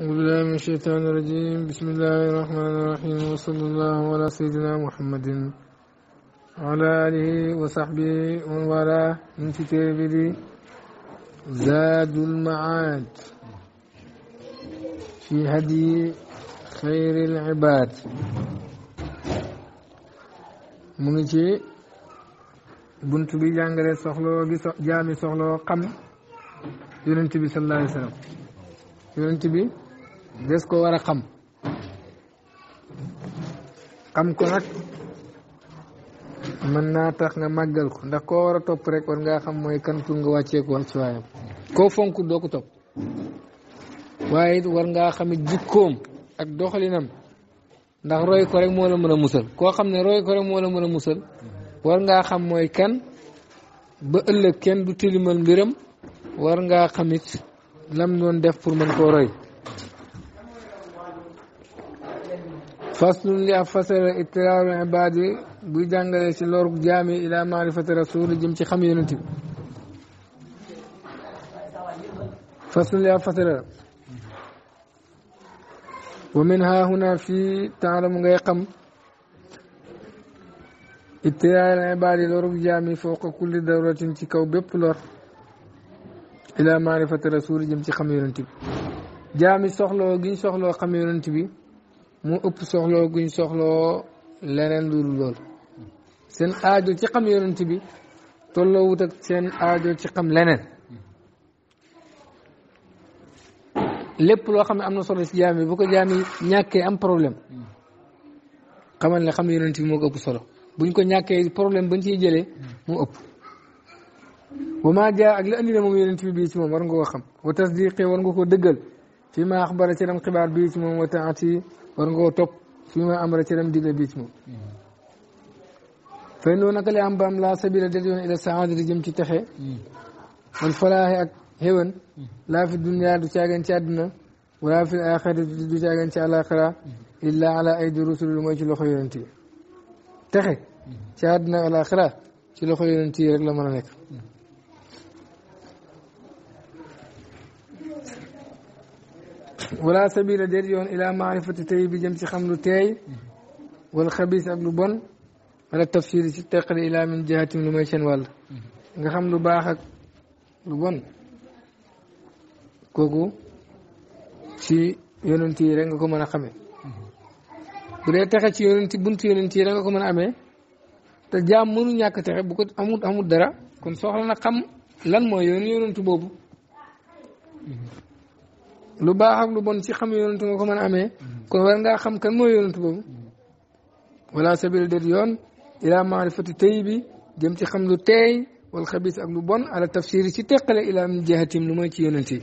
أعوذ بالله من الشيطان الرجيم بسم الله الرحمن الرحيم وصلى الله على سيدنا محمد وعلى آله وصحبه ومن والاه من كتابه زاد المعاد في هدي خير العباد mu ngi ci bunt bi jàngale soxloo gi so jaami soxloo xam yonent bi sallallahu alayhi wa sallam des ko war a xam xam ko nag mën naa tax nga màggal ko ndax koo war a topp rek war ngaa xam mooy kan pour nga wàccee ko wàcc waayam koo fonk doo ko topp waaye it war ngaa xamit jikkoom ak doxalinam ndax roy ko rek moo la mën a musal koo xam ne roy ko rek moo la mën a musal war ngaa xam mooy kan ba ëllëg kenn du tilimal mbiram war ngaa xamit lam doon def pour mën ko roy faslu li ab fasara ittiraaru ibaad yi buy jàngale ci loru jaami ila maarifati rasul jëm ci xam yonent bi faslu li ab fasara wa min ha huna fii taalamu ngay xam ittiraaru ibaad yi loru jaami fooqa kulli dawratin ci kaw bépp lor ila maarifati rasul jëm ci xam yonent bi jaami soxloo gi soxloo xam yonent bi mu ëpp soxloo guñ soxloo leneen lu dul loolu seen aajo ci xam yonent bi tolloo wut seen aajo ci xam leneen lépp loo xam ne am na solo ci jaam yi bu ko am problème xamal ne xam yonent bi moo ko ëpp solo buñ ko ñàkkee problème bañ ciy jëlee mu ëpp wa maa jaa ak li andi na moom yonent bi bii moom war nga koo xam wa tasdiqee war nga koo dëggal fi ma axbara ci dam xibaar bii moom wa war ngoo topp fii ma amara ci lam digle bii ci moom fay loo naka li am ba am laa sabila det yoon ila saadati jëm ci texe wal falaaxe ak xéwan laa fi dunya du caagan ci àdduna wala fi axirati du caagan ci àlaxira illa ala aydi rusul mooy ci loxo yonent yi texe ci àdduna àlaxira ci loxo yonent yi rek la mën a nekk wala sabila déet yoon ila maarifati tey bi jëm ci xam lu teey wal xabiis ak lu bon wala tafsir ci teqale ila min jihatim lu may seen wàll nga xam lu baax ak lu bon kooku ci yonent yi rek nga ko mën a xamee bu dee texe ci yonent buntu yonent yi rek nga ko mën a amee te jaam mënu ñàkk texe bu ko amul amul dara kon soxla na xam lan mooy yonentu boobu lu baax ak lu bon ci xam yonent nga ko mën a amee kon war ngaa xam kan mooy yonent boobu wala sabil déet yoon ila maarifati tey bi jëm ci xam lu teey wal xabis ak lu bon ala tafsir ci teqale ila min jihatim lu mooy ci yonent yi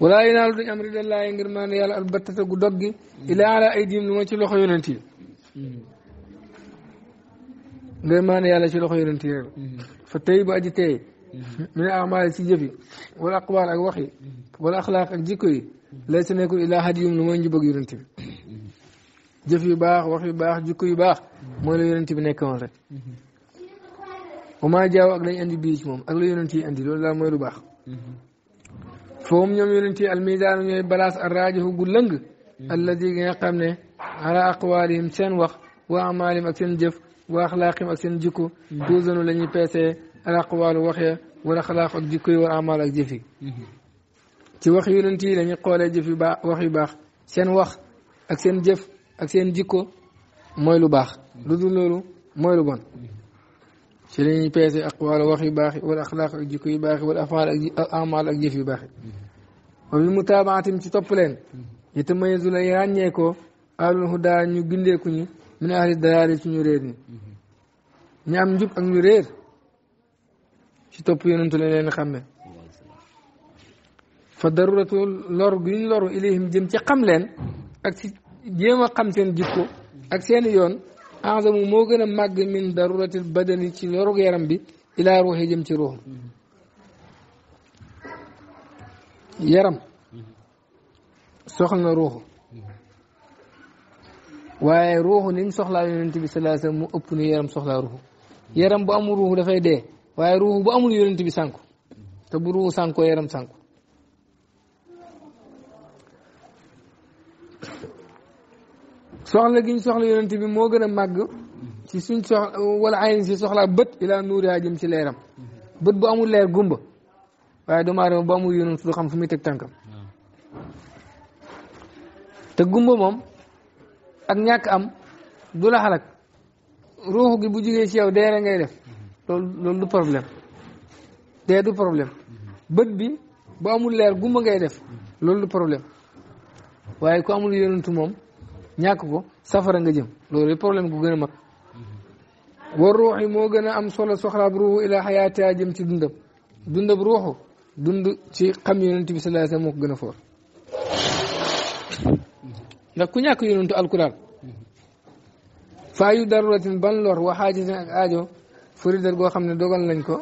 wala yinaalu duñ am ridallaayi ngir maa ne yàlla albattata gu dog gi ila ala aydim lu mooy ci loxo yonent yi ngir maa ne yàlla ci loxo yonent yi rek fa tey bu aji tey min amaali si jëf yi wala aqwaal ak wax yi wala axlaaq ak jikko yi lay sa nekkul ilaa hadiyum lu mooy njubag yonent bi jëf yu baax wax yu baax jikko yu baax mooy la yonent bi nekkoon rek wamaa jaaw ak lañ andi bii ci moom ak la yonent yi andi loolu daal mooy lu baax foofu ñoom yonent yi almisaanu ñooy balaas a raajahu gu lëng alladi nga xam ne ala aqwaalihim seen wax wa amaalihim ak seen jëf wa axlaaqihim ak seen jikko tuusanu mm-hmm. la ñuy peesee al aqwaalu wax ya wala xalaax ak jikko yi wala amaal ak jëf yi ci wax yonent yi lañu xoolee jëf yu baax wax yu baax seen wax ak seen jëf ak seen jikko moy lu baax lu dul loolu mooy lu bon ci la ñuy peese aqwaal wax yu baax yi wala axlaaq ak jikko yu baax yi wala afaal ak amaal ak jëf yu baax yi wa bi mutaabaatim ci topp leen yatamayazu lay ràññee ko ahlul hudaa ñu gindeeku ñi min ahli dalaali ci ñu réer ñi ñu am ak ñu réer ci topp yonentu la leen xàmmee fa daruratu lor gu ñu loru ilayhim jëm ci xam leen ak ci jéem a xam seen jikko ak seeni yoon enzamu moo gën a màgg min daruratil badani ci lorug yaram bi ilaa ruuxi jëm ci ruux yaram soxla na ruuxu waaye ruuxu ni mu soxlaa yonent bi sallallahu alayhi wasallam mu ëpp ni yaram soxlaa ruuxu yaram bu amul ruuxu dafay dee waaye ruux bu amul yonent bi sànku te bu ruux sànkoo yaram sànku soxla gi soxla yonent bi moo gën a màgg ci suñ soxla wala ayn si soxlaa bët ilaa nuuriyaa jëm ci leeram bët bu amul leer gumba waaye doomu aadama bu amul yonent du xam fu muy teg tànkam te gumba moom ak ñàkk am du la xalak ruux gi bu jugee ci yow deere ngay def loolu loolu du problème dee du problème bët bi bu amul leer gumba ngay def loolu du problème waaye ku amul yonentu moom ñàkk ko safara nga jëm loolu problème gu gën a mag war ruux moo gën a am solo soxlaab ruuxu ilaa xayaatiyaa jëm ci dundam dundab ruuxu dund ci xam yonent bi sallallahu alayhi wasallam moo ko gën a foor ndax ku ñàkk yonentu alkuraan faayu daruratin ban lor waxaajatin ak aajo فوري دار بو خامني دوغال نانكو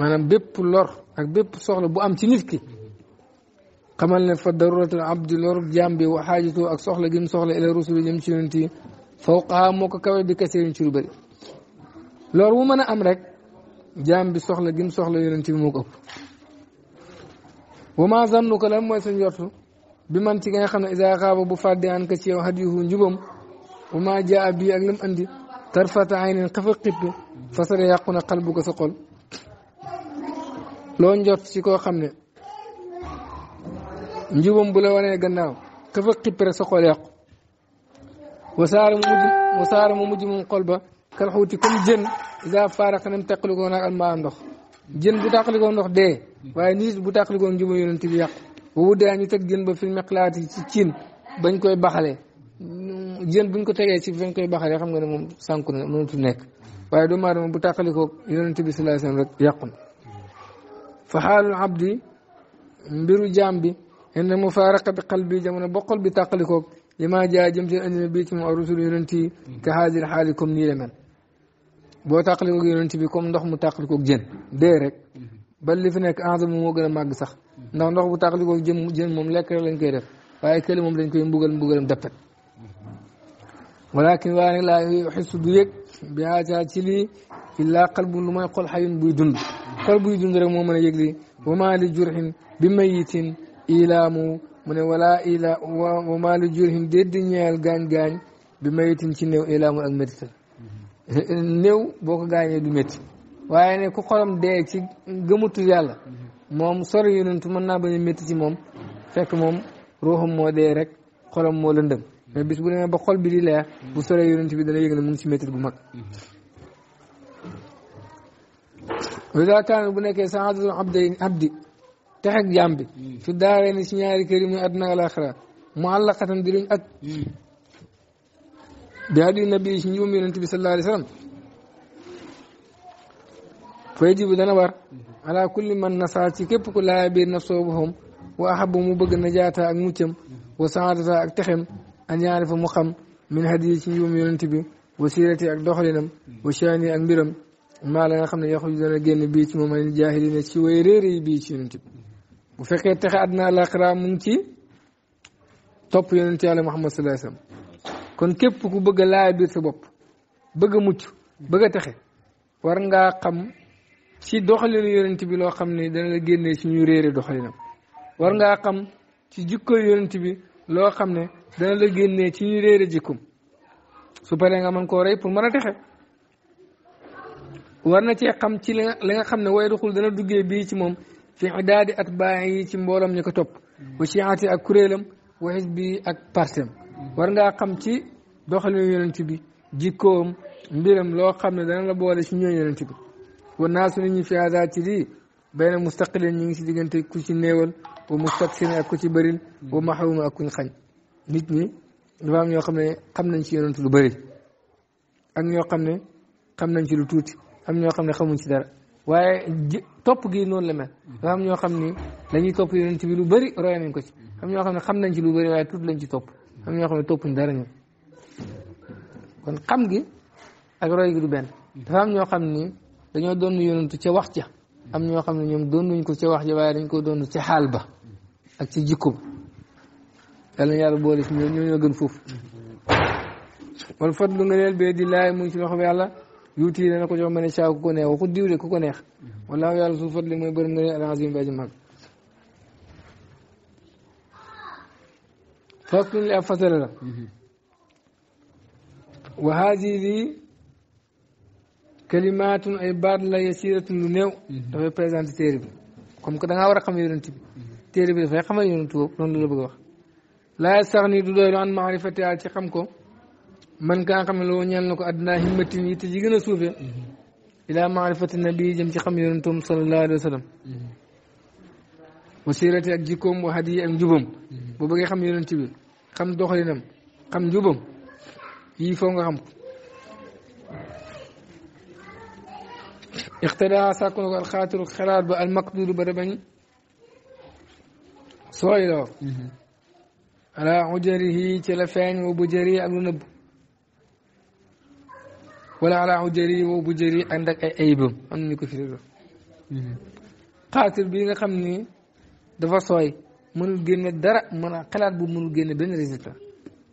مانام بيب لور اك بيب سوخلا بو ام تي نيتكي خمال ن فضروره العبد لور جامبي وحاجته اك سوخلا جيم سوخلا الى رسول جيم تشينتي فوقها موكا كاوي بكثير تشو بري لور مو مانا أنا رك جامبي سوخلا جيم سوخلا يونتي موكا وما ظنك لما سنجرتو bi man ci nga xam ne isa xaaba bu fàdde an ka ci yow xat yuhu njubam jaa bii ak lam andi tarfata aynin xafa xippi fasara yàqu na xal bu ko sa xol loo njort ci koo xam ne njubam bu la wanee gannaaw xafa xippi rek sa xol yàqu wasaara mu mujj wasaara mujj moom xol kal xuuti comme jën isa faara xanam teqalikoo naag almaa ndox bu tàqalikoo ndox dee waaye nit bu tàqalikoo njubam yonent bi wowu daa ñu teg jën ba fil miqlaat yi ci cin bañ koy baxale jën buñ ko tegee ci bañ koy baxale xam nga ne moom sànku na mënatu nekk waaye doomu aadama bu tàqalikoo yonent bi sallallahu alayhi wasallam rek yàqu na fa xaalul abdi mbiru jaam bi inda mufaaraqa bi qalbi jamono boqol bi tàqalikoo li maa jaa jëm seen andina ci moom ak rusul yonent yi ka haajir xaali comme nii la mel boo tàqalikoog yonent bi comme ndox mu tàqalikoog jën dee ba li fi nekk enjeu moo gën a màgg sax ndax ndox bu tàqalikoo jëm jën moom lekk rek lañ koy def waaye kële moom dañ koy mbugal mbugalam dappet walakin waaye nag laa xisu du yëg bi aataa ci lii illaa qalbu lu may xol xayun buy dund xol buy dund rek moo mën a yëg li wa maa li jurxin bi mayitin ilaamu mu ne wala ila wa maa li jurxin dédd ñeel gaañ-gaañ bi mayitin ci néew ilaamu ak méttital mm-hmm. néew boo ko gaañee du métti waaye ne ku xolam dee ci gëmutu yàlla moom sori yonentu mën naa bañ a métti ci moom fekk moom ruuxam moo dee rek xolam moo lëndëm mais bis bu demee ba xol bi di leer bu sore yonent bi dana yëg ne mu ngi ci métti bu mag wida kaan bu nekkee saadatul abdi abdi texeg jaam bi fi daaree ñaari kër yi muy àdduna alaxira mu àllaqatan di luñ ak hmm. bi hadi nabi si njuum yonent bi sallallahu alayhi wa فيجب دنا بار على كل من نساتي كيف كل عابر نصوبهم وأحب مبغ نجاتا أغمتم وسعادتا أكتخم أن يعرف مقام من هدي يوم ينتبه وسيرتي أكدخلنا وشاني أنبرم ما لا نخمنا يخرج دنا جن بيت ممن الجاهلين شويريري بيت ينتبه وفقية تخادنا الأقراء ممكن top yonent yalla muhammad sallallahu alaihi wasallam kon kep ku bëgg laay bir sa bop bëgg mucc bëgg taxé war nga xam ci doxalinu yonent bi loo xam ne dana la génnee ci ñu réere doxalinam war ngaa xam ci jikko yonent bi loo xam ne dana la génnee ci ñu réere jikkum su paree nga mën koo rey pour mën a texe war na ci xam ci li nga nga xam ne way duxul dana duggee bi ci moom fi idaadi at baayi yi ci mbooloom ñu ko topp wa ak kuréelam wa xisbi ak partem war ngaa xam ci doxalinu yonent bi jikkoom mbiram loo xam ne dana la boole ci ñooñ yonent bi wan naa su ñu fi hada ci lii bayna mustaqilin ñu ngi si diggante ku ci néewal wa mustaksirin ak ku ci bëril wa maxruum ak kuñ xañ nit ñi dafa am ñoo xam ne xam nañ ci yonent lu bëri ak ñoo xam ne xam nañ ci lu tuuti am ñoo xam ne xamuñ ci dara waaye topp gi noonu la mel dafa am ñoo xam ni dañuy topp yonent lu bëri roy nañ ko ci am ñoo xam ne xam nañ ci lu bëri lañ ci topp am ñoo xam ne toppuñ dara ñu kon xam gi ak roy gi du benn dafa am ñoo xam ni dañoo doon yonantu ca wax ja am ñoo xam ne ñoom doonuñ ko ca wax ja waaye dañ ko doon ca xaal ba ak ca jikko ba yàlla yàlla boole si ñoom ñoo gën foofu wal fadlu nga neel bee di laay mu ngi ci loxo yàlla yuuti dana ko jox ma ne saa ku ko neex waxu diw de ko ne alazim bàyyi mag faslun li ab fasale la wa haadi كلمات اي بار لا يسيرة نيو دا فاي بريزانتي تيري بي كوم كو داغا ورا خام يونتي بي تيري بي دا فاي خام يونتو نون لا بوغ لا يستغني دو دويلو ان معرفتي على تي خام كو من كان خام لو نيل نكو ادنا همتي ني تي جينا سوفي الى معرفه النبي جيم تي خام يونتوم صلى الله عليه وسلم وسيرتي اك جيكوم وهدي ام جوبم بو بوغي خام يونتي بي خام دوخلينم خام جوبم يي فوغا خام ixtida sàkku na ko alxaatiru xalaat ba almaqduuru ba da bañ sooyloo ala ujarihi ci la feeñ wa bu jëri ak lu nëbb wala ala ujarihi wa bu jëri ànd ak ay ayibam am nañu ko fi déglu xaatir bi nga xam ni dafa sooy mënul génne dara mën a xalaat bu mënul génne benn résultat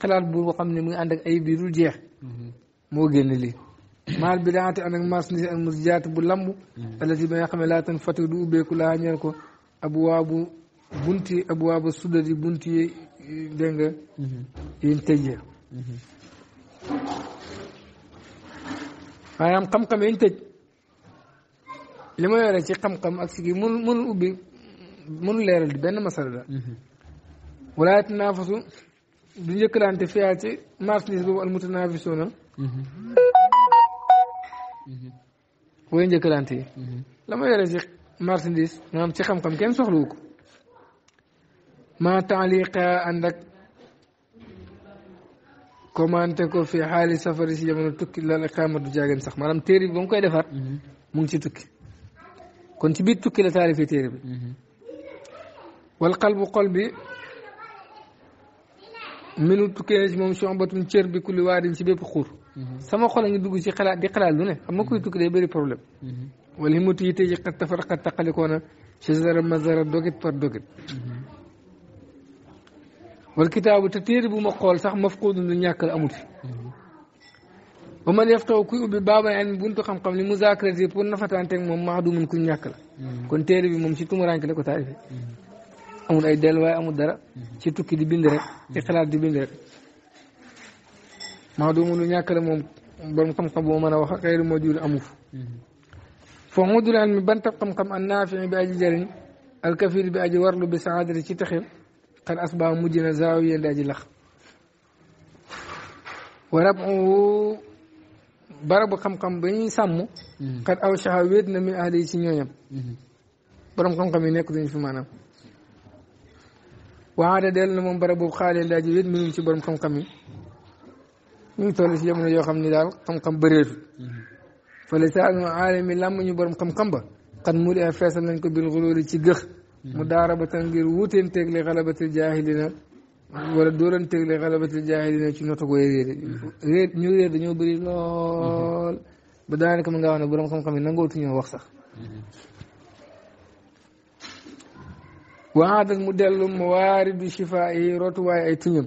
xalaat bu xam ne mu ngi ànd ak ayib bi dul jeex moo génne lii maal bidaati ànd ak mas ni al musjaat bu lamb mm-hmm. allati ba nga xam ne laa tan fatu du ubbeeku laa ñeel ko abwaabu bunti abwaabu sudati bunti dégg nga yiñ tëjee maanaam xam-xam yiñ tëj li ma yore ci xam-xam ak sigi mënu mënul leeral di benn masala la mm-hmm. walaayat naafasu du njëkkalante fiyaa ci mas ni al mutanaafisuuna mm-hmm. way njëkkalante yi la ma yore si marchandise maanaam ci xam-xam kenn soxlawu ko ma taaliqa ànd ak commenté ko fi xaali safari si jamono tukki lal xaama du jaagen sax maanaam téere bi ba mu koy defar mu ngi ci tukki kon ci biir tukki la taarifee téere bi wal qalbu xol bi minu tukkee si moom soxbatun cër bi kulli waadin si bépp xuur Mm-hmm. sama xol a ngi dugg ci xalaat di xalaat lu ne xam nga koy tukki mm-hmm. day bëri problème mm-hmm. wala himatu yi tey ji xat tafaraqat taqalikoona chasara mazara dogit par dogit wal kitaabu te téere bu ma xool sax mafquudun lu ñàkkal amul fi ba man def taw kuy ubbi baaba en buntu xam-xam li muzakarati pour nafatanteeg moom mahdumun ku ñàkk la kon téere bi moom ci tumuranke la ko taarifee amul ay waay amul dara ci tukki di bind rek ci di bind maa du munu ñàkk la moom borom xam-xam boo mën a wax xëyru moo jur amu fa foo mu dul almi ban tab xam-xam an naafii bi aji jëriñ alkafir bi aji warlu bi saadati ci texe xad asbaa mujj na zaawiya di aji lax warab barabu xam-xam ba ñuy sàmm xat aw saha wéet na min ahli yi ci ñooñam borom xam-xam yi nekk duñu fi maanaam waxaada del na moom barabu xaaleel daaji wéet minum ci borom xam-xam yi ñu ngi toll yam jamono yoo xam ni daal xam-xam bëreetul fa lisaanu aalami làmm ñu borom xam-xam ba xat mu dee feesal nañ ko bil xulóori ci gëx mu daarabatan ngir wuuteen teeg li xalabatil jaahilina wala dóoran teeg li xalabatil jaahilina ci noto gooy réer réer ñu dañoo bëri lool ba daanaka mën ngaa wax xam-xam yi nangootu yi rootuwaay ay tuñam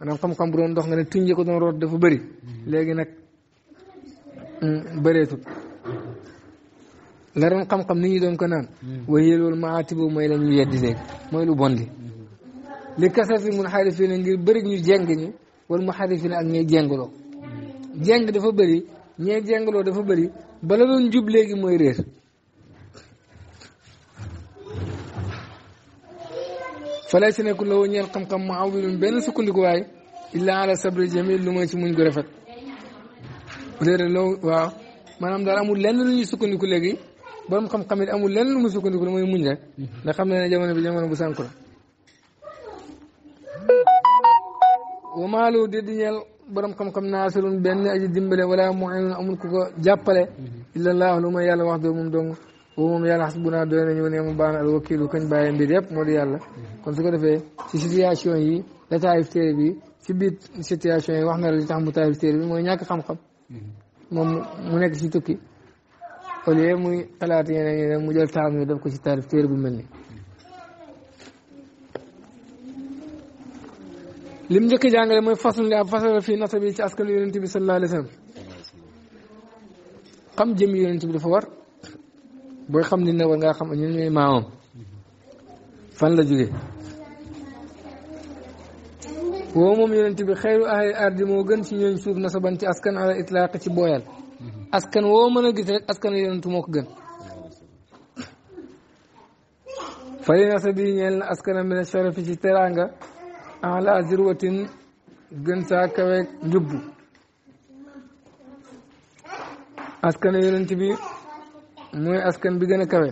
maanaam xam-xam bu doon dox nga ne tuñ ko doon root dafa bari mm-hmm. léegi nag mm, bëreetut la doon xam-xam nit ñi doon ko naan mm-hmm. waaye loolu ma aati boobu mooy la ñuy yeddi lu bon li mm-hmm. li kasa fi mun xarifii na ngir bëri ñu jeng ñi wala mu xarifi na ak ñee jengloo jeng dafa bëri ñee jengloo dafa bëri bala doon jub léegi mooy réer falay si nekkul la ñeel xam-xam mu awilum benn sukkandikuwaay illa ala sabri jamil lu mooy si muñ gu rafet léere loo waaw maanaam daal amul lenn lu ñuy sukkandiku léegi borom xam-xam it amul lenn lu mu sukkandiku lu mooy muñ rek ndax xam ne ne jamono bi jamono bu sànku la wamaalu di diñeel borom xam-xam benn aji dimbale wala mu amul ku ko jàppale mm-hmm. illa allah lu mooy yàlla wax doo moom dong boobu moom yàlla xas naa doy nañu ne mu baax al wakiilu kañ bàyyee mbir yëpp moo di yàlla kon su ko defee si situation yi la taayif téere bi si biir situation yi wax na la li tax mu taayif téere bi mooy ñàkk xam-xam moom mu nekk ci tukki au lieu muy xalaat yeneen mu jël taam yi def ko si taayif téere ni lim njëkk jàngale mooy fasul li ab fasal fii nasa bi ci askan yonent bi sallallahu alayhi wa sallam xam jëm bi dafa war booy xam nit ne war ngaa xam ñun ñooy maamam fan la jóge woo moom yonent bi xayru ahli ardi moo gën ci ñooñ suuf nasaban ci askan ala itlaaq ci booyal askan woo mën a gis rek askan la yonent moo ko gën fali nasabi ñeel na askanam mina sharafi ci teraanga ala zirwatin gën saa kaweeg njubbu askan yonent bi mooy askan bi gën a kawe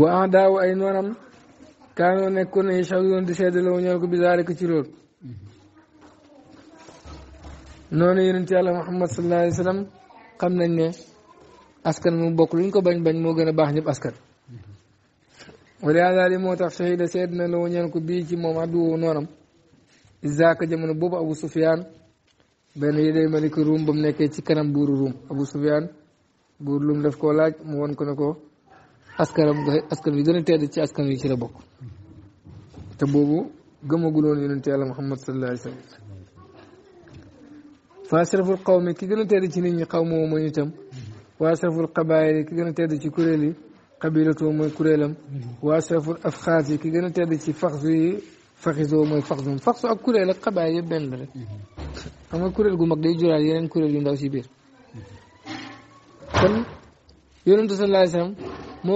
wa daaw ay noonam kaanoo nekkoon na yashhaduun di seede la ñeel ko bi zaalika ci loolu noonu yonent yàlla Muhammad sallallahu xam nañ ne askan mu bokk luñ ko bañ bañ moo gën a baax ñëpp askan wala daal li moo tax shahida seede na la ñeel ko bii ci moom addu noonam izaka jamono boobu Abu Sufyaan benn yi day malik ruum ba mu nekkee ci kanam buuru ruum Abu Sufyaan buur lum daf koo laaj mu won ko ne ko askaram askan wi gën a tedd ci askan wi ci la bokk te boobu gëmaguloon yonent yàlla Muhammad sallallahu alayhi wa sallam fa asraful qawmi ki gën a tedd ci nit ñi xaw moo mooy itam wa asraful qabaayil ki gën a tedd ci kuréel yi xabilatoo mooy kuréelam wa asraful afxaas yi ki gën a tedd ci faxsu yi faxisoo mooy faxsum faxsu ak kuréel ak qabaayil yëpp benn la rek xam nga kuréel gu mag day juraal kuréel yu ndaw si biir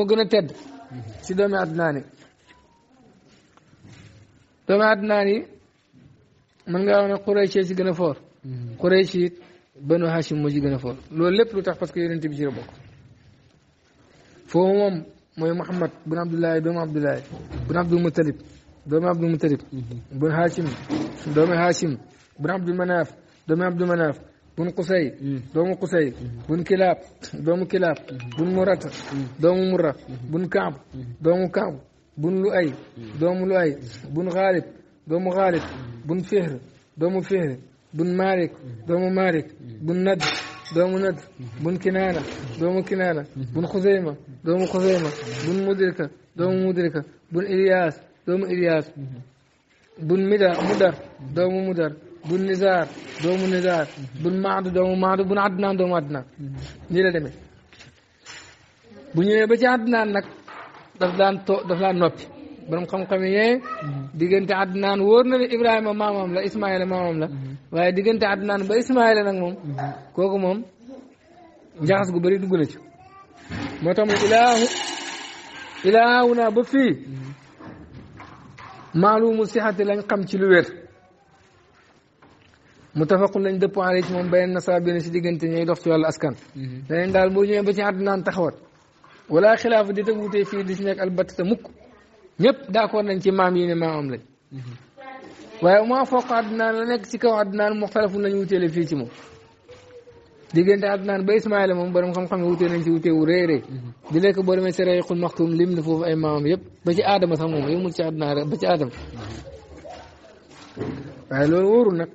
gën a tedd si doomi àddunaa ni doomi àddunaa ni mën ngaa wax ne Quraysh si gën a foor mm-hmm. Quraysh it Banu Hashim moo si foor loolu lépp lu tax parce que yonent bi ci la bokk foofu mooy Muhammad bun Abdullahi doomu Abdullahi bun Abdul Muttalib doomu Abdul mm-hmm. Hashim بن عبد المناف دوم عبد المناف بن قصي دوم قصي بن كلاب دوم كلاب بن مرت دوم مرة بن كعب دوم كعب بن لؤي دوم لؤي بن غالب دوم غالب بن فهر دوم فهر بن مالك دوم مالك بن ند دوم ند بن كنانة دوم كنانة بن خزيمة دوم خزيمة بن مدركة دوم مدركة بن إلياس دوم إلياس بن مدر مدر دوم مدر bun Nizaar doomu Nizaar bun Maadu doomu Maadu bun Adnaan doomu Adnaan nii la demee bu ba ci Adnaan nag daf daan to noppi borom xam-xam yi diggante Adnaan wóor na Ibrahima maamam la Ismaayila maamam la waaye diggante Adnaan ba Ismaayila nag moom kooku moom njaxas gu bëri dugg na ci moo ilaahu ilaahu naa ba fii maalumu sixati lañ xam ci lu wér متفق لن دبو عليه من بين نصاب بين سيدي غنت ني دوخ سي الاسكان دين دال مو ني بي عدنا تخوت ولا خلاف دي تغوتي في دي نيك البت مك نيب داكور نان سي مام يي ما ام لاج واي ما فوق عدنا لا نيك سي كو عدنا مختلف نان ووتيل في سي مو ديغنت عدنا با اسماعيل موم بروم خم خم ووتي نان سي ووتي و ري ري دي ليك بروم سيري خول مختوم لم فوف اي مام ييب با سي ادم سام موم سي عدنا با سي ادم اي لو ورو نك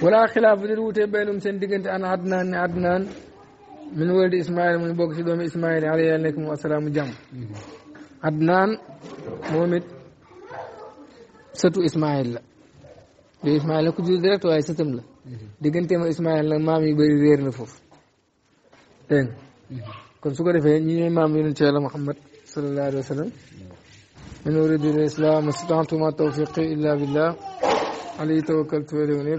wala xilaafa dil wutee baynum seen diggante an adnaan ne adnaan min waladi ismail muy bokk ci ismail alayhi aleykum wasalaamu jàmm adnaan moom it sëtu ismail la du ismail la ku jur direct waaye sëtam la diggante ma ismail la maam yu bëri réer na foofu kon su ko defee ñi ñooy maam yonent yàlla muhammad sallallahu alayhi wa sallam min waladi islam statantuma tawfiqi illa billah alayhi